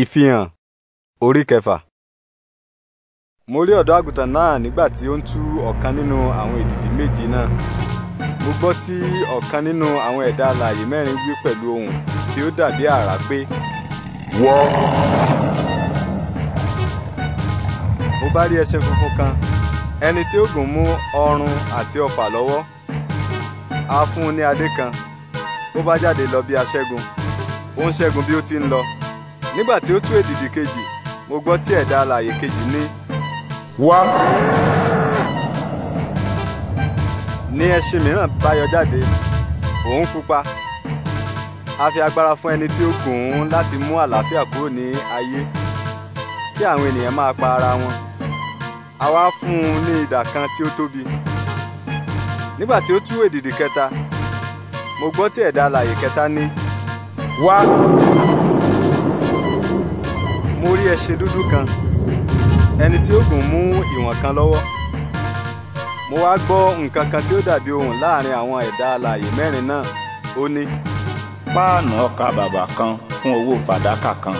ìfihàn orí kẹfà. mo rí ọ̀dọ́ àgùntàn náà nígbà tí ó ń tú ọ̀kan nínú àwọn èdìdì méje náà. mo gbọ́ tí ọ̀kan nínú àwọn ẹ̀dá alààyè mẹ́rin wí pẹ̀lú ohùn tí ó dàbí àrá pé. wọ́. mo bá rí ẹṣin funfun kan ẹni tí ó gùn mú ọrùn àti ọfà lọ́wọ́ a fún un ní adé kan ó bá jáde lọ bí aṣẹ́gun ó ń ṣẹ́gun bí ó ti ń lọ nígbà tí ó tú èdìdì kejì mo gbọ́ tí ẹ̀dá alààyè kejì ní. wá. ní ẹṣin mìíràn bá yọ jáde òun pupa a fi agbára fún ẹni tí ó gùn ún láti mú àlàáfíà kúrò ní ayé kí àwọn ènìyàn máa pa ara wọn a wá fún un ní idà kan tí ó tóbi nígbà tí ó tú èdìdì kẹta mo gbọ́ tí ẹ̀dá alààyè kẹta ní. wá mo rí ẹṣin dúdú kan ẹni tí ó gùn mú ìwọ̀n kan lọ́wọ́ mo wá gbọ́ nǹkan kan tí ó dàbí ohùn láàrin àwọn ẹ̀dá alààyè mẹ́rin náà ó ní. páànù ọkà bàbà kan fún owó fàdákà kan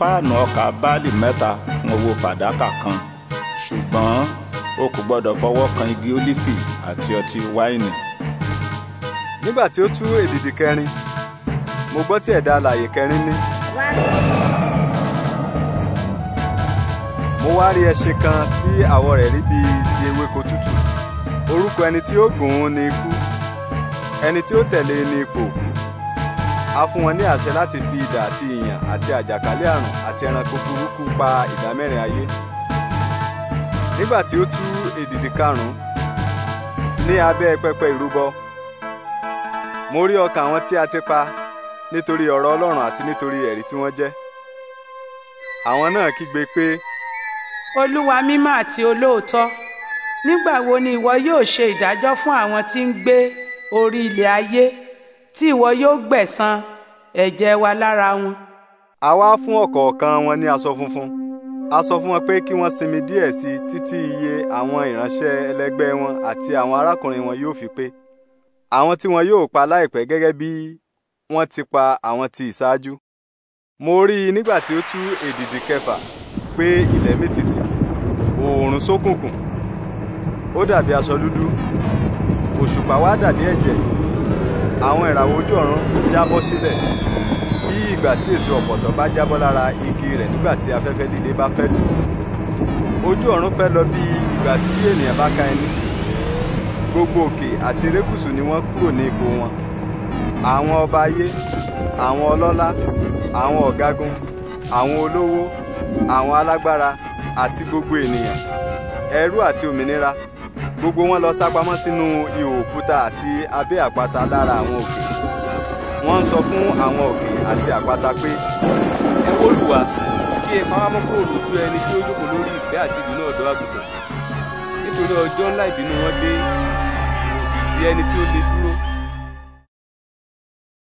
páànù ọkà báàlì mẹ́ta fún owó fàdákà kan ṣùgbọ́n o kò gbọ́dọ̀ fọwọ́ kan igi ólífì àti ọtí wáìnì. nígbà tí ó tú èdìdì kẹrin mo gbọ́ tí ẹ̀dá alààyè kẹrin ní. wá lọ. mo wá rí ẹṣin kan tí àwọ̀ rẹ̀ rí bíi ti ewéko tútù orúkọ ẹni tí ó gùn ún ni ikú ẹni tí ó tẹ̀lé e ni ipò òkú a fún wọn ní àṣẹ láti fi idà àti ìyàn àti àjàkálẹ̀ àrùn àti ẹranko burúkú pa ìdá mẹ́rin ayé nígbà tí ó tú èdìdì karùn-ún ní abẹ́ pẹpẹ ìrúbọ mo rí ọkàn àwọn tí a ti pa nítorí ọ̀rọ̀ Ọlọ́run àti nítorí ẹ̀rí tí wọ́n jẹ́ àwọn náà kígbe pé olúwa mímọ́ àti olóòótọ́ nígbà wo ni ìwọ yóò ṣe ìdájọ́ fún àwọn tí ń gbé orí ilẹ̀ ayé tí ìwọ yóò gbẹ̀san ẹ̀jẹ̀ wa lára wọn. àwa fún ọ̀kọ̀ọ̀kan wọn ní aṣọ funfun a sọ fún wọn pé kí wọ́n sinmi díẹ̀ sí i títí iye àwọn ìránṣẹ́ ẹlẹgbẹ́ wọn àti àwọn arákùnrin wọn yóò fi pé àwọn tí wọn yóò pa láìpẹ́ gẹ́gẹ́ bí wọ́n ti pa àwọn ti ìṣáájú mo rí i nígbà tí ó tú èdìdì kẹfà pé ilẹ̀ mìtìtì oòrùn ṣókùnkùn ó dàbí aṣọ dúdú òṣùpá wá dàbí ẹ̀jẹ̀ àwọn ìràwọ̀ ojú ọ̀run jábọ́ sílẹ̀ bí ìgbà tí èso ọ̀pọ̀tọ́ bá jábọ́ lára igi rẹ̀ nígbà tí afẹ́fẹ́ líle bá fẹ́ lù ojú ọ̀run fẹ́ lọ bí ìgbà tí ènìyàn bá ka ẹni gbogbo òkè àti erékùṣù ni wọ́n kúrò ní ipò wọn àwọn ọba ayé àwọn ọlọ́lá àwọn ọ̀gágun àwọn olówó àwọn alágbára àti gbogbo ènìyàn ẹrú àti òmìnira gbogbo wọn lọ sápamọ́ sínú ihò òkúta àti abẹ́ àpáta lára àwọn òkè wọ́n ń sọ fún àwọn òkè àti àpáta pé. ẹ wó lù kí ẹ máa mú kúrò lójú ẹni tí ó jókòó lórí ìtẹ́ àti ìbínú ọ̀dọ́ àgùntàn nítorí ọjọ́ ńlá ìbínú wọn dé kò sí ẹni tí ó lè dúró.